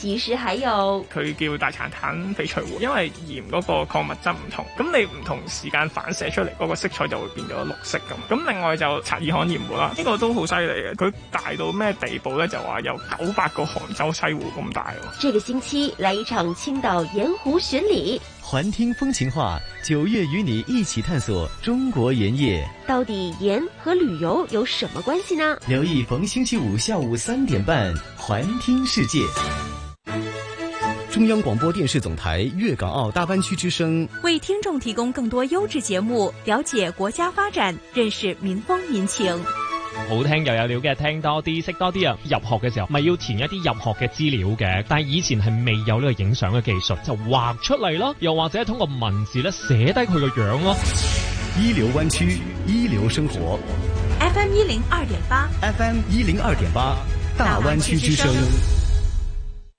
其實還有，佢叫大柴旦翡翠湖，因為鹽嗰個礦物質唔同，咁你唔同時間反射出嚟嗰、那個色彩就會變咗綠色咁。咁另外就察爾汗鹽湖啦，呢、這個都好犀利嘅，佢大到咩地步咧？就話有九百個杭州西湖咁大，啊。這個星期來一場青島鹽湖巡禮，環聽風情話，九月與你一起探索中國鹽業。到底鹽和旅遊有什麼關係呢？留意逢星期五下午三點半，環聽世界。中央廣播電視總台粵港澳大灣區之聲為聽眾提供更多優質節目，了解國家發展，認識民風民情。好聽又有料嘅，聽多啲，識多啲啊！入學嘅時候咪要填一啲入學嘅資料嘅，但係以前係未有呢個影相嘅技術，就畫出嚟咯，又或者通過文字咧寫低佢個樣咯。一流灣區，一流生活。FM 一零二點八，FM 一零二點八，大灣區之聲。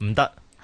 唔得。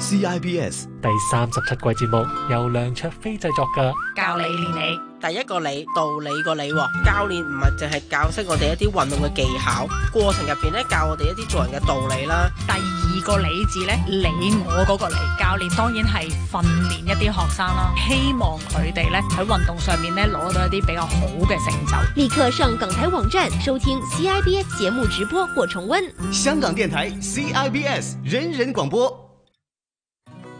CIBS 第三十七季節目由梁卓飛製作嘅，教你理你，第一個理，道理個理，教練唔係淨係教識我哋一啲運動嘅技巧，過程入邊咧教我哋一啲做人嘅道理啦。第二個理字咧，理我嗰個理。教練當然係訓練一啲學生啦，希望佢哋咧喺運動上面咧攞到一啲比較好嘅成就。立刻上港台網站收聽 CIBS 節目直播或重溫。香港電台 CIBS 人人廣播。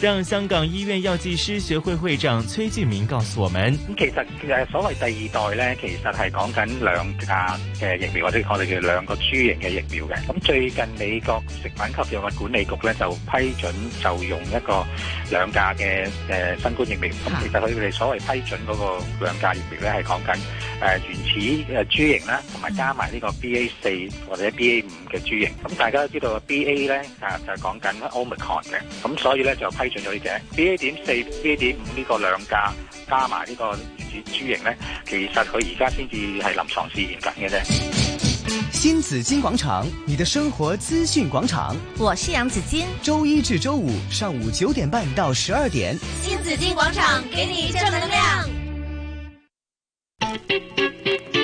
讓香港醫院藥劑師學會會長崔俊明告訴我們：咁其實誒所謂第二代咧，其實係講緊兩價嘅、呃、疫苗，或者我哋叫兩個株型嘅疫苗嘅。咁、嗯、最近美國食品及藥物管理局咧就批准就用一個兩價嘅誒新冠疫苗。咁、啊、其實佢哋所謂批准嗰個兩價疫苗咧係講緊誒、呃、原始誒株型啦，同埋加埋呢個 B A 四或者 B A 五嘅株型。咁、嗯、大家都知道 B A 咧啊就講緊 Omicron 嘅，咁所以咧就批。推進咗呢隻 B A 點四 B A 點五呢個兩價加埋呢個原子豬型咧，其實佢而家先至係臨床試驗緊嘅啫。新紫金廣場，你的生活資訊廣場，我是楊紫金。周一至周五上午九點半到十二點，新紫金廣場給你正能量。嗯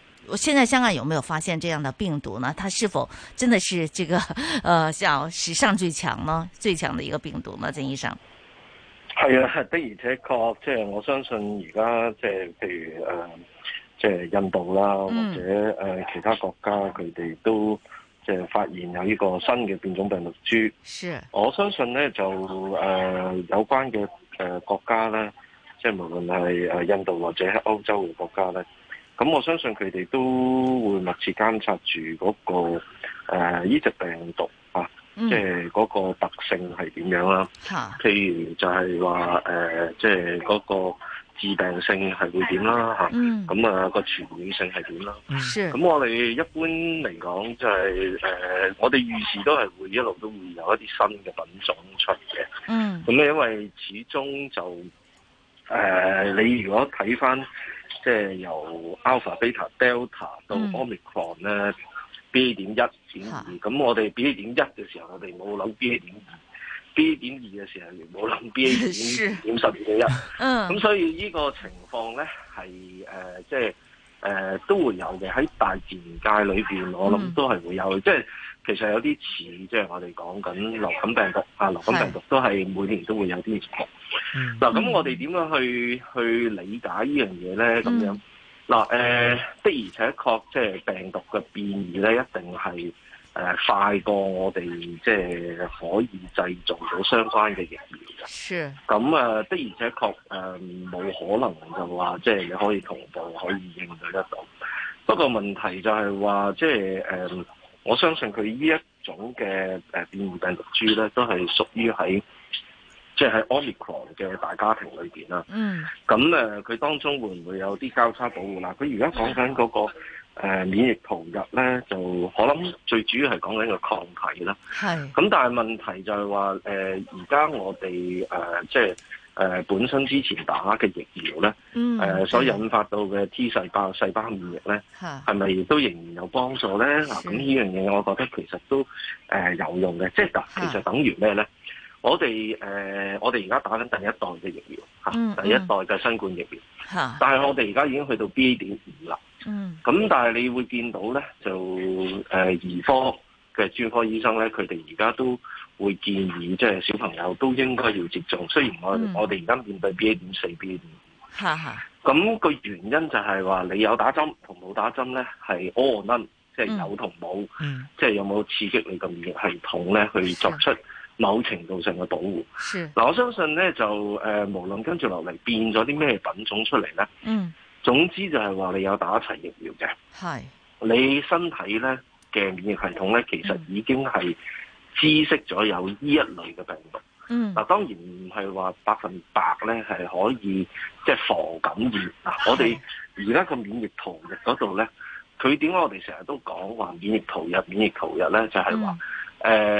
我現在香港有沒有發現這樣的病毒呢？它是否真的是這個，呃，叫史上最強呢？最強的一個病毒呢？曾醫生係啊，的而且確，即係我相信而家即係譬如誒、呃，即係印度啦，或者誒、呃、其他國家，佢哋都即係發現有呢個新嘅變種病毒株。是，我相信呢，就誒、呃、有關嘅誒、呃、國家呢，即係無論係誒印度或者係歐洲嘅國家呢。咁我相信佢哋都會密切監察住嗰、那個誒呢隻病毒啊，即係嗰個特性係點樣啦、啊？譬如就係話誒，即係嗰個致病性係會點啦？嚇、嗯！咁啊個傳染性係點啦？咁我哋一般嚟講就係、是、誒、呃，我哋預示都係會一路都會有一啲新嘅品種出嚟嘅。咁、嗯、咧，因為始終就誒、呃，你如果睇返。即係由 Alpha Beta Delta 到 Omicron 咧、嗯、B. 1一、啊、二。咁我哋 B. 1一嘅時候，我哋冇諗 B. 1二；B. 1二嘅時候，冇諗 B. 1點十二一。咁所以呢個情況咧係即係都會有嘅。喺大自然界裏面，我諗都係會有嘅，即、嗯、係。就係其實有啲似，即係我哋講緊流感病毒啊，流感病毒都係每年都會有啲。嗱咁，嗯、咁我哋點樣去、嗯、去理解這件事呢樣嘢咧？咁樣嗱誒，的而且確，即係病毒嘅變異咧，一定係誒快過我哋即係可以製造到相關嘅疫苗㗎。咁啊、呃，的而且確誒冇、呃、可能就話即係你可以同步可以應對得到。不過問題就係話即係誒。呃我相信佢呢一種嘅誒變異病毒株咧，都係屬於喺即係喺奧密克戎嘅大家庭裏面。啦、mm.。嗯。咁佢當中會唔會有啲交叉保護？嗱，佢而家講緊嗰個、mm. 呃、免疫逃逸咧，就我諗最主要係講緊個抗體啦。咁、mm. 但係問題就係話而家我哋、呃、即係。誒、呃、本身之前打嘅疫苗咧、嗯呃，所引發到嘅 T 細胞細胞免疫咧，係咪都仍然有幫助咧？嗱，咁呢樣嘢我覺得其實都、呃、有用嘅，即係嗱，其實等於咩咧？我哋誒、呃、我哋而家打緊第一代嘅疫苗、啊嗯、第一代嘅新冠疫苗、嗯、但係我哋而家已經去到 B 點五啦，咁、嗯、但係你會見到咧，就誒兒、呃、科嘅專科醫生咧，佢哋而家都。會建議即係、就是、小朋友都應該要接種，雖然我、嗯、我哋而家面對 BA 點四 BA 點五，咁個原因就係話你有打針同冇打針咧，係 all or none 即係有同冇、嗯，即係有冇刺激你個免疫系統呢去作出某程度上嘅保護。嗱我相信呢，就誒、呃，無論跟住落嚟變咗啲咩品種出嚟呢，嗯，總之就係話你有打齊疫苗嘅，係，你身體呢嘅免疫系統呢，其實已經係、嗯。知識咗有呢一類嘅病毒，嗱、嗯、當然唔係話百分百咧係可以即係、就是、防感染。嗱，我哋而家個免疫逃逸嗰度咧，佢點解我哋成日都講話免疫逃逸？免疫逃逸咧？就係話誒，佢、嗯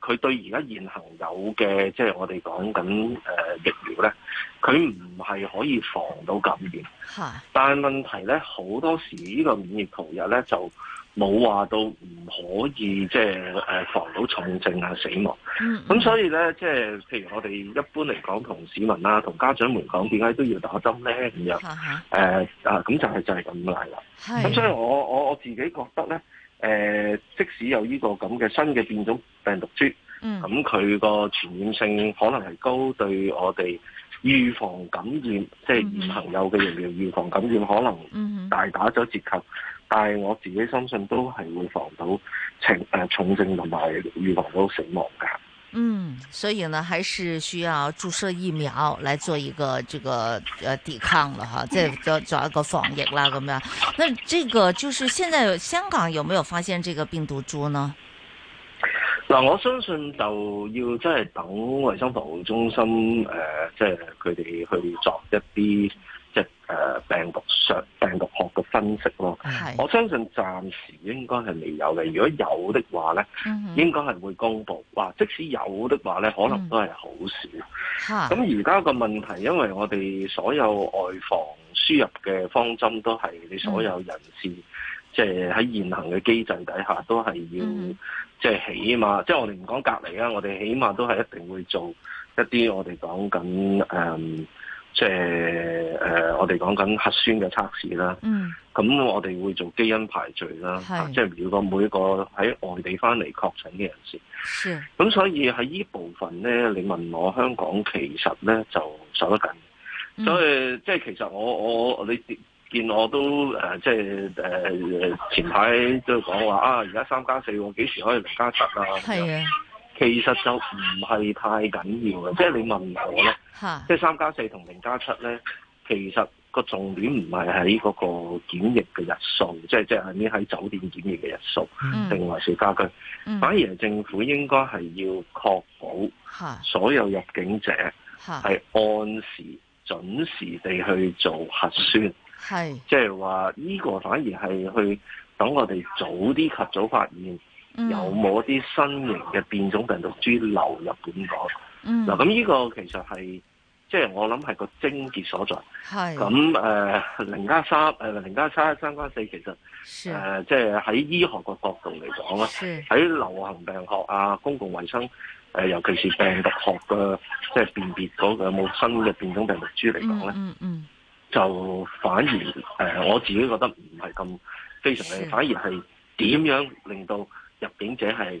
呃、對而家現行有嘅即係我哋講緊誒疫苗咧，佢唔係可以防到感染。但係問題咧，好多時呢個免疫逃逸咧就。冇話到唔可以即係誒防到重症啊、死亡，咁、嗯、所以咧即係譬如我哋一般嚟講同市民啦、啊、同家長們講，點解都要打針咧咁樣誒、呃、啊咁就係、是、就係咁嚟啦。咁所以我我我自己覺得咧誒、呃、即使有呢個咁嘅新嘅變種病毒株，咁佢個傳染性可能係高，對我哋預防感染、嗯、即係現有嘅疫苗預防感染可能大打咗折扣。嗯但係我自己相信都係會防到輕誒重症同埋預防到死亡噶。嗯，所以呢，還是需要注射疫苗來做一個這個誒抵抗啦，吓，即係作作一個防疫啦咁樣。那這個就是現在香港有沒有發現這個病毒株呢？嗱、嗯，我相信就要即係等衛生防護中心誒，即係佢哋去作一啲。誒、呃、病毒上病毒學嘅分析咯，我相信暫時應該係未有嘅。如果有的話咧，mm -hmm. 應該係會公布哇，即使有的話咧，可能都係好事。咁而家個問題，因為我哋所有外防輸入嘅方針都係你所有人士即係喺現行嘅機制底下都係要，即係，mm-hmm. 起碼即係我哋唔講隔離啦，我哋起碼都係一定會做一啲我哋講緊誒。嗯即係誒、呃，我哋講緊核酸嘅測試啦。嗯。咁我哋會做基因排序啦。即係如果每一個喺外地翻嚟確診嘅人士。咁所以喺依部分咧，你問我香港其實咧就受得緊、嗯。所以即係其實我我你見我都、呃、即係誒、呃、前排都講話啊，而家三加四，我幾時可以零加七啊？係啊。其實就唔係太緊要嘅，即、啊、係、就是、你問我咧，即係三加四同零加七咧，其實個重點唔係喺嗰個檢疫嘅日數，即係即係喺酒店檢疫嘅日數，定還是家居、嗯。反而政府應該係要確保所有入境者係按時準時地去做核酸，即係話呢個反而係去等我哋早啲及早發現。嗯、有冇一啲新型嘅變種病毒株流入本港？嗱、嗯，咁呢個其實係即係我諗係個癥結所在。咁誒，零、呃、加三誒零、呃、加三三加四其實即係喺醫學嘅角度嚟講，喺流行病學啊、公共衛生、呃、尤其是病毒學嘅即係辨別嗰個有冇新嘅變種病毒株嚟講咧，就反而、呃、我自己覺得唔係咁非常嘅，反而係點樣令到？入境者係。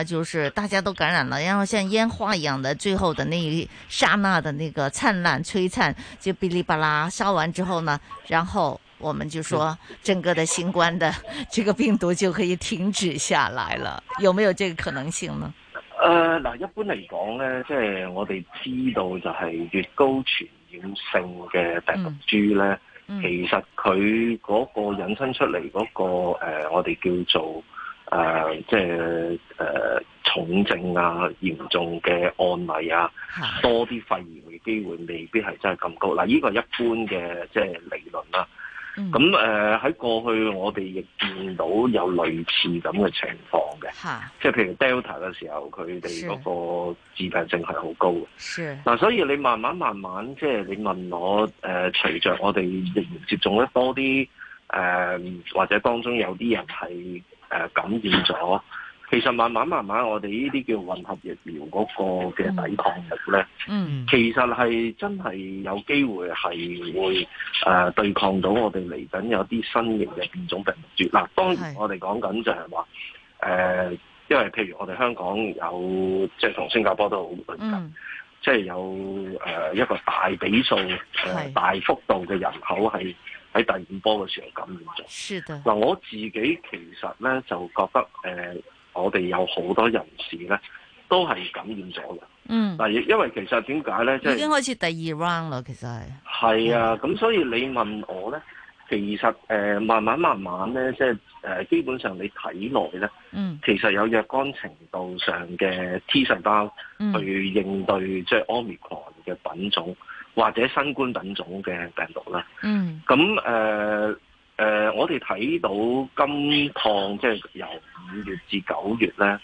就是大家都感染了，然後像煙花一樣的最後的那一剎那的那個燦爛璀璨，就嗶哩吧啦燒完之後呢，然後我們就說整個的新冠的這個病毒就可以停止下來了，有沒有這個可能性呢？呃，嗱，一般嚟講呢，即係我哋知道就係越高傳染性嘅病毒株咧、嗯嗯，其實佢嗰個引申出嚟嗰個誒，我哋叫做。誒、呃，即係誒、呃、重症啊、嚴重嘅案例啊，多啲肺炎嘅機會未必係真係咁高。嗱，呢個係一般嘅即係理論啦。咁誒喺過去我哋亦見到有類似咁嘅情況嘅，即係譬如 Delta 嘅時候，佢哋嗰個致病性係好高嘅。嗱，所以你慢慢慢慢，即係你問我誒、呃，隨着我哋疫苗接種得多啲誒、呃，或者當中有啲人係。誒、呃、感染咗，其實慢慢慢慢，我哋呢啲叫混合疫苗嗰個嘅抵抗力咧，嗯、mm. mm.，其實係真係有機會係會誒、呃、對抗到我哋嚟緊有啲新型嘅變種病毒。嗱、呃，當然我哋講緊就係話誒，因為譬如我哋香港有，即係同新加坡都好接近，mm. 即係有誒、呃、一個大比數、呃 mm. 大幅度嘅人口係，喺第五波嘅時候感染咗。是的。嗱，我自己其實咧就覺得，誒、呃，我哋有好多人士咧都係感染咗嘅。嗯。嗱，亦因為其實點解咧，即、就是、已經開始第二 round 啦，其實係。係啊，咁、嗯、所以你問我咧，其實、呃、慢慢慢慢咧，即係誒基本上你體內咧，嗯，其實有若干程度上嘅 T 細胞、嗯、去應對即係 Omicron 嘅品種。或者新冠等種嘅病毒啦，嗯，咁誒誒，我哋睇到今趟即係由五月至九月咧，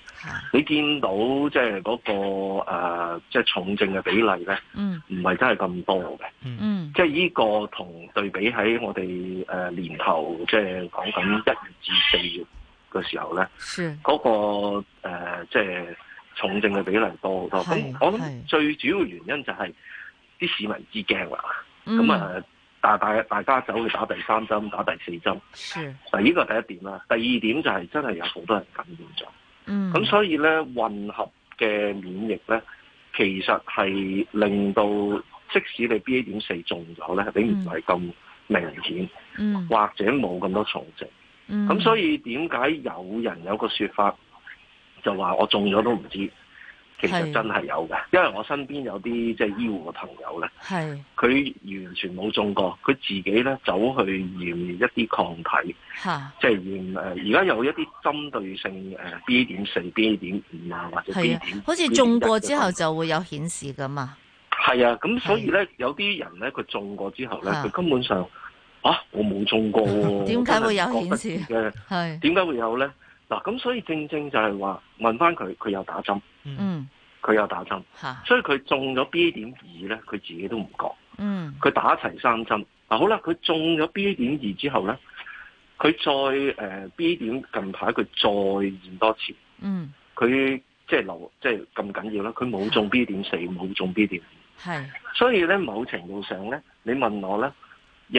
你見到即係嗰、那個、呃、即係重症嘅比例咧，嗯，唔係真係咁多嘅，嗯，即係呢個同對比喺我哋誒、呃、年頭即係講緊一月至四月嘅時候咧，嗰、那個、呃、即係重症嘅比例多好多，咁我諗最主要原因就係、是。啲市民知驚啦，咁、嗯、啊，大大大家走去打第三針、打第四針。是，呢個第一點啦，第二點就係真係有好多人感染咗。嗯，咁所以咧，混合嘅免疫咧，其實係令到即使你 BA.4 中咗咧，並唔係咁明顯，嗯，或者冇咁多重症。咁、嗯、所以點解有人有個說法，就話我中咗都唔知？其實真係有嘅，因為我身邊有啲即係醫護嘅朋友咧，佢完全冇中過，佢自己咧走去驗一啲抗體，即係驗誒，而家，是、有一啲針對性誒 B 點四、B 點五啊，或者 B 點，啊，好似中過之後就會有顯示噶嘛。係啊，咁所以咧，啊、有啲人咧佢中過之後咧，佢，啊、根本上啊我冇中過，點 解會有顯示嘅？係點解會有咧？嗱咁所以正正就係話問翻佢，佢有打針。嗯，佢有打針，所以佢中咗 B 點二咧，佢自己都唔覺。嗯，佢打齊三針嗱、啊，好啦，佢中咗 B 點二之後咧，佢再誒、呃、B 點近排佢再驗多次。嗯，佢即係留即係咁緊要啦，佢冇中 B 點四，冇中 B 點。係，所以咧某程度上咧，你問我咧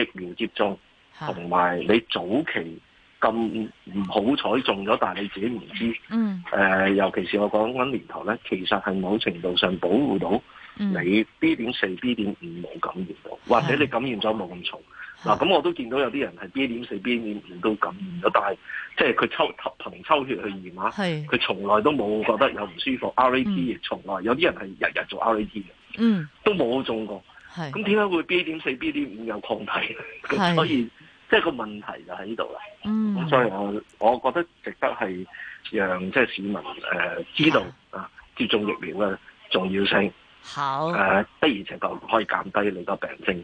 疫苗接種同埋你早期。咁唔好彩中咗，但係你自己唔知。嗯、呃。尤其是我講緊年頭咧，其實係某程度上保護到你 B 點四、B 點五冇感染到，嗯，或者你感染咗冇咁重。嗱、咁、啊、我都見到有啲人係 B 點四、B 點五都感染咗，但係即係佢抽同抽血去驗係佢從來都冇覺得有唔舒服。RAT 亦、嗯、從來有啲人係日日做 RAT 嘅，嗯，都冇中過。係咁點解會 B 點四、B 點五有抗體 所以即係個問題就喺呢度啦，咁、嗯嗯、所以我我覺得值得係讓即係市民誒、呃、知道啊，啊接種疫苗嘅重要性，好、誒的、呃、而且確可以減低你個病徵。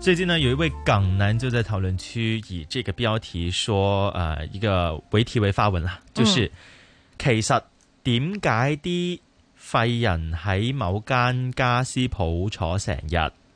最近呢，有一位港男就在討論區以這個標題說，呃，一個為題為發文啦，就是、嗯、其實點解啲廢人喺某間家私鋪坐成日。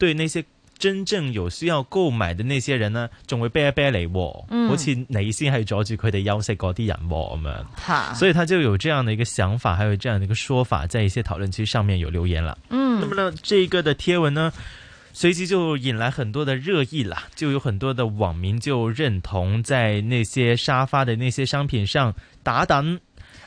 對那些真正有需要購買的那些人呢，總會啤一啤你，好似你先係阻住佢哋休息嗰啲人咁樣。係，所以他就有這樣的一個想法，還有這樣的一個說法，在一些討論區上面有留言啦。嗯，那麼呢，這一個的貼文呢，隨即就引來很多的熱議啦，就有很多的網民就認同，在那些沙發的那些商品上打盹。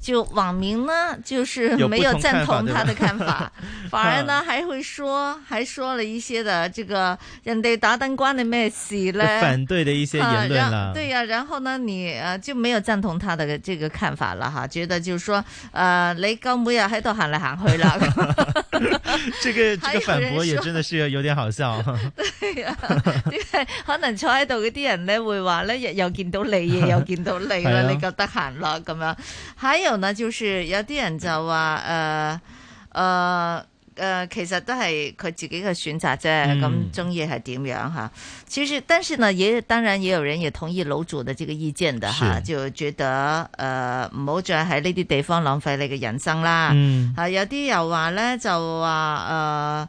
就網民呢，就是沒有贊同他的看法，看法 反而呢還會說，還說了一些的這個“人哋打燈關你咩事呢，反對的一些言論、啊、然對呀、啊，然後呢，你呃就沒有贊同他的這個看法了哈、啊，覺得就是說，呃，你剛每日喺度行嚟行去啦。 這個這個反駁也真的是有點好笑、哦。 對呀、啊，因、這、為、個、可能坐喺度啲人呢，會話呢，又見到你，又見到你啦、 啊，你覺得行啦咁樣，還有呢，就是有啲人就話誒誒誒，其實都係佢自己嘅選擇啫，咁、嗯、中意係點樣哈？其實，但是呢，也當然也有人也同意樓主的這個意見的哈，就覺得誒唔好再喺呢啲地方浪費你嘅人生啦。啊、嗯、有啲又話咧，就話誒。呃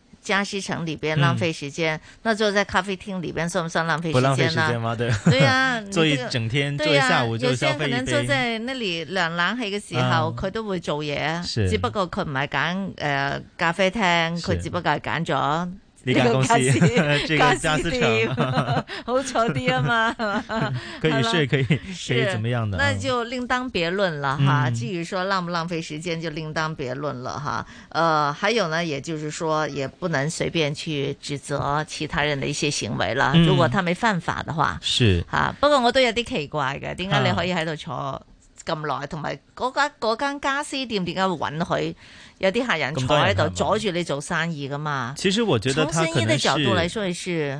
家私城裏邊浪費時間，嗯，那坐在咖啡廳裏邊算唔算浪費時間啊？不浪費時間媽媽對。對啊，這個，坐一整天對，啊，坐一下午就消費一杯。有啲可能坐在 Nelly 涼冷氣嘅時候，佢、嗯、都會做嘢啊，只不過佢唔係揀誒咖啡廳，佢只不過係揀咗。有傢俬，傢俬、這個、店，店，店呵呵 以睡 好坐啲啊嘛，可以睡可以可以怎麼樣的？那就另當別論了哈、嗯啊！至於說浪不浪費時間就另當別論了，哈、啊。呃，還有呢，也就是說，也不能隨便去指責其他人的一些行為了、嗯、如果他沒犯法的話，是哈、啊。不過我都有啲奇怪嘅，點解你可以喺度坐咁耐？同埋嗰間嗰間傢俬店點解會允許？有啲客人坐喺度阻住你做生意噶嘛？其實我覺得從生意的角度嚟說，係輸。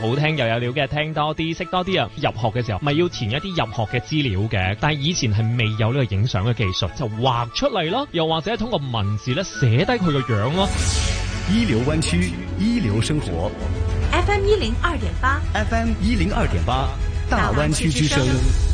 好聽又有料嘅，聽多啲，識多啲啊！入學嘅時候咪要填一啲入學嘅資料嘅，但係以前係未有呢個影相嘅技術，就畫出嚟咯，又或者通過文字咧寫低佢個樣咯。一流灣區，一流生活。FM 一零二點八，FM 一零二點八，大灣區之聲。池池池池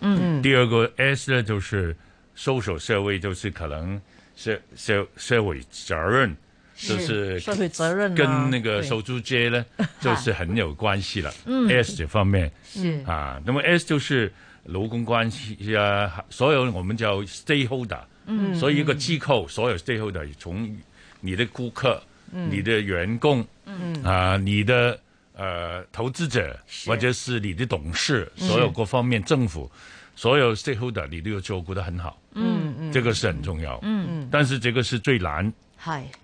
嗯，第二個 S 呢，就是 social 社會，就是可能社社社會責任，就是，是社會責任、啊、跟那個收租街呢，就是很有關係了。嗯 ，S 這方面，嗯、啊是啊，那麼 S 就是勞工關係啊，所有我們叫 stakeholder 嗯，所以一個機構、嗯、所有 stakeholder 從你的顧客，嗯、你的員工，嗯、啊、嗯，你的。呃，投資者，或者是你的董事，所有各方面，政府，所有 stakeholder，你都要照顧得很好。嗯嗯，這個是很重要。嗯嗯，嗯，但是這個是最難。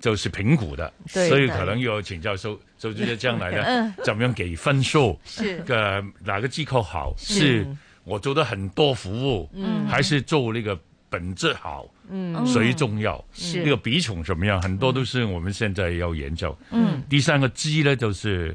就是評估的，的所以可能又要請教收就這嘅將來呢， okay. 怎麼樣給分數？ 是嘅，哪個機構好？是，是是我做的很多服務、嗯，還是做那個本質好？嗯，誰重要？嗯、是，那、這個比重怎麼樣？很多都是我們現在要研究。嗯，第三個 G 呢，就是。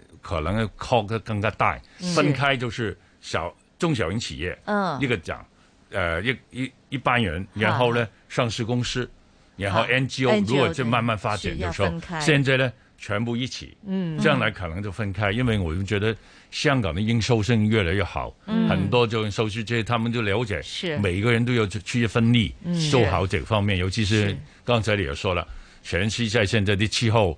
可能擴得更加大，分開就是小中小型企業。嗯、一個就呃一一一般人，然後呢上市公司，然後 NGO, NGO 如果就慢慢發展的時候，現在呢全部一起，嗯，將來可能就分開、嗯。因為我覺得香港的應收生越來越好，嗯、很多就收這些他們都了解，是，每個人都要去一份力，做好這個方面，尤其是剛才你也說了，全世界現在的氣候。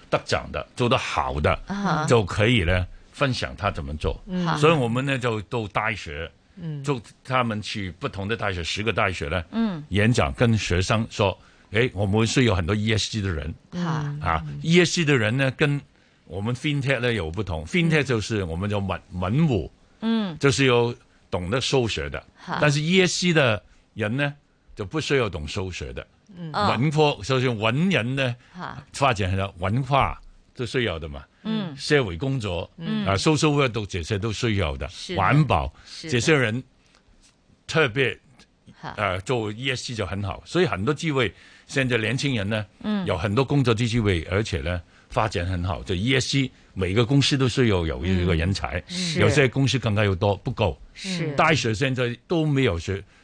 得獎的做得好的、uh -huh. 就可以呢分享他怎麼做，uh -huh. 所以我們呢就到大學，就他們去不同的大學，十、uh -huh. 個大學呢、uh -huh. 演講跟學生說，誒，我們是有很多 E.S.G 的人，uh -huh. 啊、uh -huh.，E.S.G 的人呢跟我們 fintech 呢有不同 fintech 就是我們叫文文武，嗯、uh -huh.，就是有懂得數學的，uh -huh. 但是 E.S.G 的人呢就不需要懂數學的。文科就算、嗯哦、文人呢，發展很多文化都需要的嘛。嗯，社會工作啊，social work 都需要的。環、嗯、保，這些人特別誒、呃、做 ESG 就很好。所以很多機會現在年輕人咧、嗯，有很多工作機會而且呢發展很好。就 ESG，每個公司都需要有呢個人才、嗯，有些公司更加要多不夠。是大學現在都沒有學。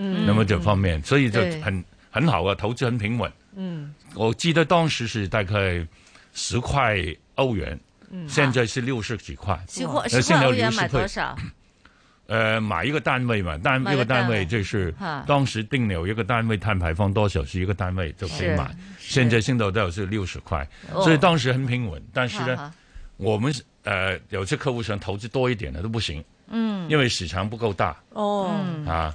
那麼這方面，嗯、所以就很很好啊，投資很平穩。嗯，我記得當時是大概塊、嗯是塊啊是塊哦、十塊歐元，現在是六十幾塊。十塊十塊歐元買多少？呃買一個單位嘛，單，單一個單位、啊、就是當時定了一個單位碳排放多少是一個單位就可以買。現在升到都是六十塊、哦，所以當時很平穩。但是呢哈哈我們呃有些客戶想投資多一點的都不行。嗯，因為市場不夠大。哦，啊。嗯嗯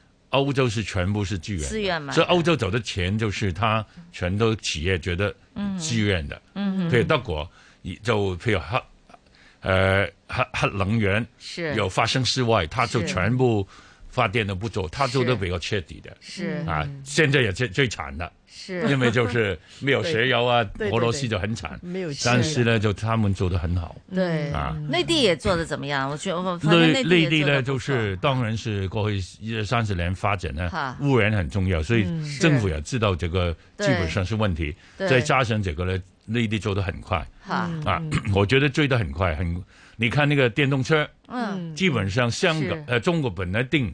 歐洲是全部是自願，所以歐洲走的錢就是他全都企業覺得自願的。嗯，對德國你就譬如核，呃核核能源，有發生事外，他就全部。發電都不做，他做得比較徹底的是是，啊，現在也最，最慘的。是。因為就是沒有石油啊，對對對，俄羅斯就很慘，但是呢，就他們做得很好對，啊，內地也做得怎麼樣？我覺得我發內地得內地呢，就是當然是過去一三十年發展呢，污染很重要，所以政府也知道這個基本上是問題，嗯是。對。再加上這個呢，內地做得很快，哈啊、嗯，我覺得追得很快，很，你看那個電動車。嗯。基本上香港，呃，中國本來定。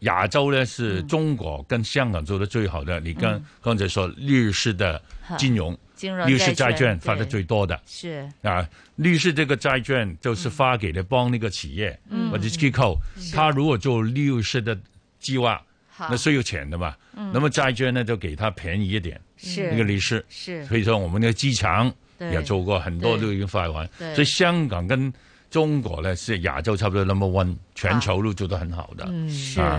亞洲呢是中國跟香港做的最好的，嗯、你剛剛，剛才說、嗯、律師的金融，金融、律師債券發的最多的是，啊，律師這個債券就是發給的幫那個企業或者、嗯、機構、嗯，他如果做律師的計劃，嗯、是那是需要錢的嘛，那麼債券呢、嗯、就給他便宜一點，是那個律師，是所以說我們的機場也做過很多都已經發完，所以香港跟。中國呢，是亞洲差不多 number one，全球都做得很好的，啊，嗯、啊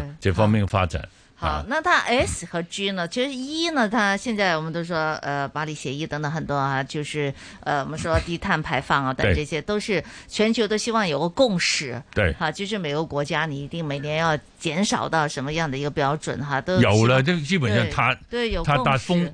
是這方面發展好、啊。好，那它 S 和 G 呢？其實一、e、呢，它現在我們都說，呃，巴黎協議等等很多啊，就是，呃，我們說低碳排放啊等這些，都是全球都希望有個共識。對，哈、啊，就是每個國家你一定每年要減少到什麼樣的一個標準哈，都有啦，就基本上它，對它，對，有共識。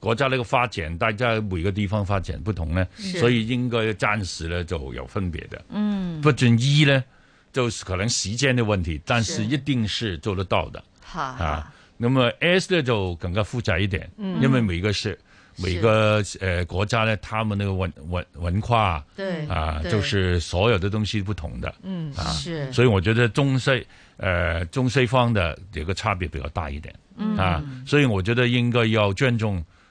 國家那個發展，大家每個地方發展不同呢，所以應該暫時呢就有分別的。嗯，不准一呢，就是、可能時間的問題，但是一定是做得到的。吓、啊，那啊 S 呢就更加複雜一點，嗯、因為每個是，是每個誒、呃、國家呢，他們嘅文文文化對啊對，就是所有的東西不同的。嗯、啊、是。所以我覺得中西呃，中西方的呢個差別比較大一點。嗯，啊，嗯、所以我覺得應該要尊重。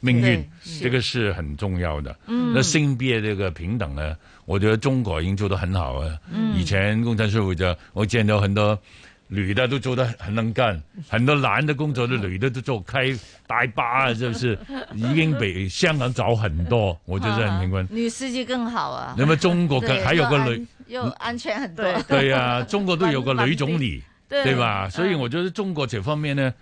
命運，這個是很重要的。嗯、那性別這個平等呢？我覺得中國已經做得很好、啊、嗯，以前共產社會就，我見到很多女的都做得很能幹，很多男的工作，的女的都做開大巴、啊，就是不是？已經比香港早很多。我覺得平均女司機更好啊。那麼中國還有個女，又安全很多對。對啊，中國都有個女總理對，對吧？所以我覺得中國這方面呢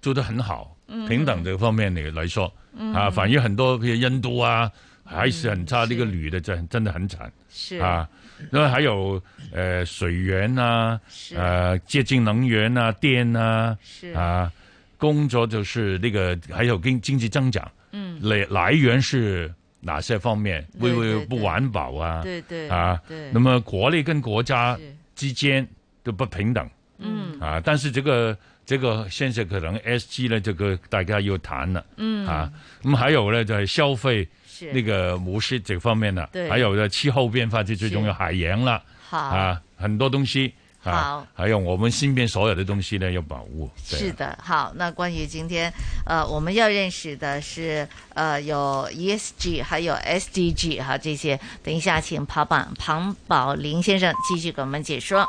做得很好。平等這方面你來說、嗯，啊，反而很多比如印度啊，還是很差，那個女的真、嗯、真的很慘是，啊，那還有呃水源啊，呃、啊、接近能源啊電啊，是啊工作就是那個，還有跟經，經濟增長，嗯、來來源是哪些方面會會不環保啊，對，對，對，啊，對，對，對啊，那麼國內跟國家之間都不平等，嗯、啊，但是這個。這個現在可能 S G 呢，這個大家要談了嗯。啊，咁、嗯、還有呢，就是消費，那個模式這方面啦，還有的氣候變化這最最重要海洋了。好。啊，很多東西，好，啊、還有我們身邊所有的東西呢，要保護對、啊。是的，好，那關於今天，呃，我們要認識的是，呃，有 E S G，還有 S D G，哈，這些，等一下請龐榜，龐寶林先生繼續給我們解說。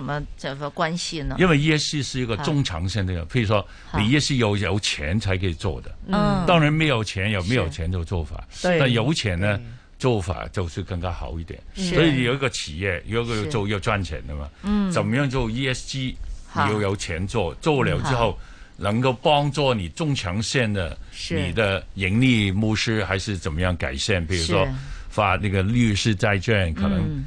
什麼呢個關係呢？因為 E S G 是一個中長線的。譬如說你 E S G 有有錢才可以做的，嗯，當然沒有錢有沒有錢個做法是對，但有錢呢做法就是更加好一點。是所以有一個企業有一個佢做要賺錢的嘛，怎麼樣做 E S G 你又有，有錢做、嗯，做了之後能夠幫助你中長線的你的盈利模式還是怎麼樣改善？譬如說發那個綠色債券可能、嗯。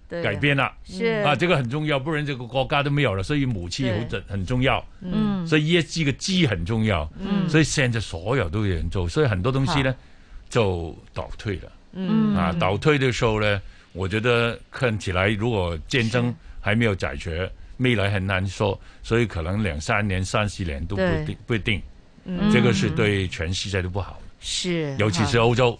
改變了，是。啊，這個很重要，不然這個國家都沒有了。所以武器好很重要。嗯，所以 ESG 個 G 很重要。嗯，所以現在所有都有人做，所以很多東西呢，就倒退了。嗯，啊，倒退的時候呢，我覺得看起來如果戰爭還沒有解決，未來很難說。所以可能兩三年、三十年都不定，不一定。嗯，這個是對全世界都不好的。是，尤其是歐洲。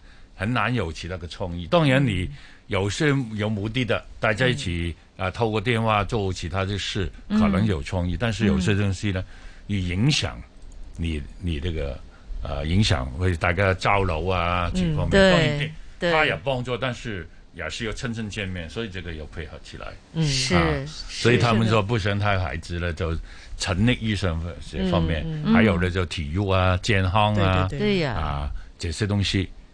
很難有其他的創意。當然你有些有目的的，大家一起、嗯、啊透過電話做其他的事，嗯、可能有創意。但是有些東西呢，嗯、影響你影響你你這個啊、呃、影響會大家交流啊這方面。嗯、對，他也幫助，但是也是要親身見面，所以這個要配合起來。嗯，是。啊、是所以他們說不生太孩子呢，就成立醫生、嗯、方面，嗯、還有呢，就體育啊、嗯、健康啊，對，對，對，啊對呀，啊這些東西。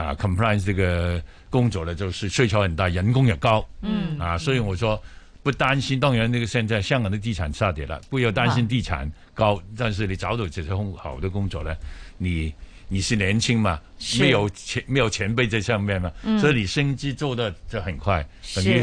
啊，compliance 這個工作呢，就是需求很大，人工也高，嗯、啊，所以我說不擔心。當然那個現在香港的地產下跌了，不要擔心地產高、啊。但是你找到這些好好的工作呢，你你是年輕嘛，沒有前沒有前輩在上面嘛，所以你升職做得就很快，嗯、等於。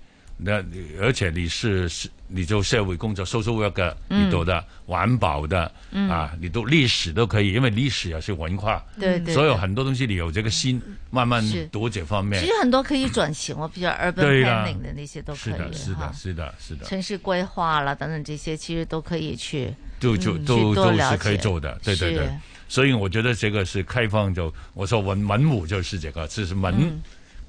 那而且你是你做社會工作，social worker 你讀的，環、嗯、保的、嗯，啊，你讀歷史都可以，因為歷史也是文化，嗯、所以很多東西你有這個心、嗯，慢慢讀這方面。其實很多可以轉型，我、嗯、比較 urban、啊、planning 的那些都可以。是的，是的，是的，是的。是的是的是的城市規劃啦，等等這些，其實都可以去。都都都都是可以做的，對對對。所以我覺得這個是開放就，我說文文武就是這個，就是文。嗯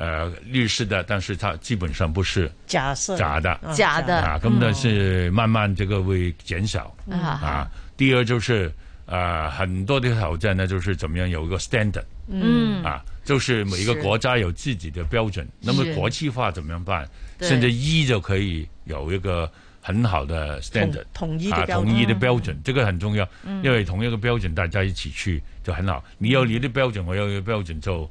呃，律師的，但是它基本上不是假的，假的、哦，假的。啊，根本是慢慢這個會減少。嗯哦、啊、嗯，第二就是，啊、呃，很多的挑戰呢，就是怎麼樣有一個 standard 嗯。啊，就是每一個國家有自己的標準，那麼國際化怎麼辦？甚至一就可以有一個很好的 standard 統一的啊，統一的標準，嗯、這個很重要，因、嗯、為同一個標準大家一起去就很好。你有你的標準，我要有一個標準就。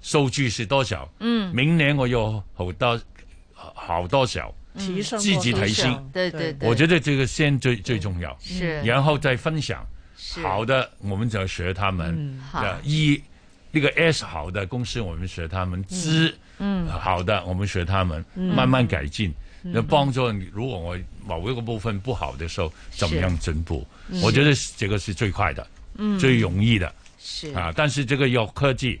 數據是多少？嗯，明年我有好多好多少，積、嗯、積極提，提升，對，對對，我覺得這個先最最重要，是，然後再分享，好的，我們就學他們，一、嗯、那、這個 S 好的公司，我們學他們、嗯、知，嗯，好的，我們學他們，嗯、慢慢改進，要、嗯、幫助。你，如果我某一個部分不好的時候，怎麼樣進步？我覺得這個是最快的，嗯，最容易的，嗯、啊是啊，但是這個要科技。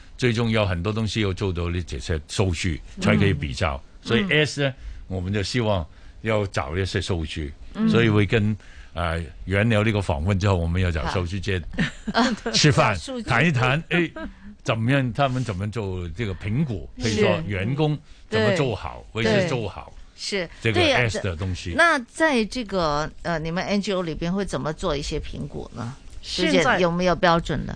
最重要很多東西要做到你這些數據才可以比較，嗯、所以 s 呢、嗯、我們就希望要找一些數據，嗯、所以會跟呃原來那個訪問之後我們要找收據間，嗯、吃飯談 一談談 哎怎麼樣，他們怎麼做這個評估，比如說員工怎麼做好或者做好是這個 s 的 s、啊、東西那在這個呃你們 ngo 裏邊會怎麼做一些評估呢現在，就是有沒有標準呢？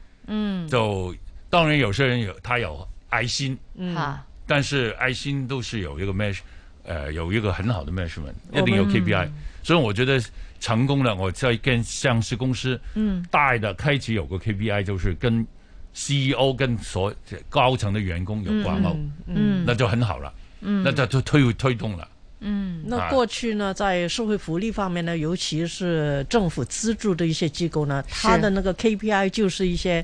嗯，就當然有些人有，他有愛心，吓、嗯，但是愛心都是有一個 measure，誒、呃，有一個很好的 measurement，一定有 KPI，嗯、所以我覺得成功啦，我再跟上市公司，嗯，大的開啟有個 KPI，就是跟 CEO 跟所高層的員工有掛鈎。嗯，那就很好了。嗯，那他就推推動了。嗯、啊，那過去呢，在社會福利方面呢，尤其是政府資助的一些機構呢，它的那個 KPI 就是一些。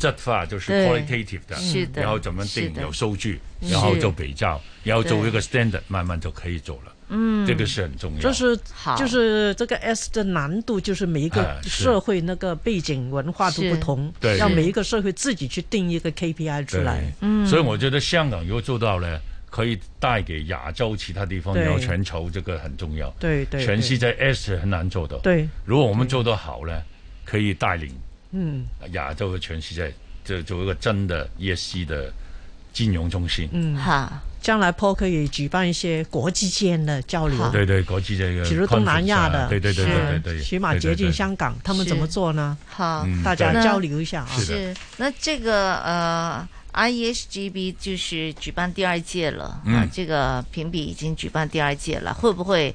質化就是 qualitative 的,是的。然後怎麼定有收據，然後做比較，然後做一個 standard，慢慢就可以做了。嗯，這個是很重要。就是好就是這個 S 的難度，就是每一個社會那個背景文化都不同，對、啊，讓每一個社會自己去定一個 KPI 出來。嗯，所以我覺得香港如果做到呢，可以帶給亞洲其他地方，然後全球這個很重要。對對,對，全世界 S 很難做到對。對，如果我們做得好呢，可以帶領。嗯，亞洲和全世界就做一個真嘅 ESG 的金融中心。嗯，哈，將來頗可以舉辦一些國際間的交流。對對，國際嘅，比如東南亞的，對對對對，對對對對，起碼接近香港對對對，他們怎麼做呢？好，大家交流一下啊、嗯。啊是。是，那這個，呃，I E S G B 就是舉辦第二屆了、嗯。啊，這個評比已經舉辦第二屆了，會不會？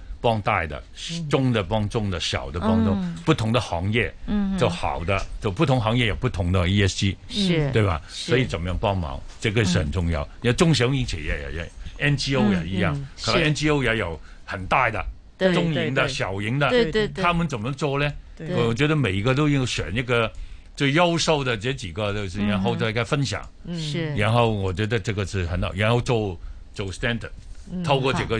幫大的，中的幫中的，小的幫中。嗯、不同的行業，嗯、就好的就不同行業有不同的 ESG，是對吧是？所以怎麼樣幫忙，這個是很重要。嗯、中小型企業也，NGO 也一樣、嗯嗯、是可能，NGO 也有很大的，中型的、對對小型的，對對對他們怎麼做呢？我覺得每一個都要選一個最優秀的，這幾個就是然後大家分享、嗯。然後我覺得這個是很好，然後做做 standard，、嗯、透過這個。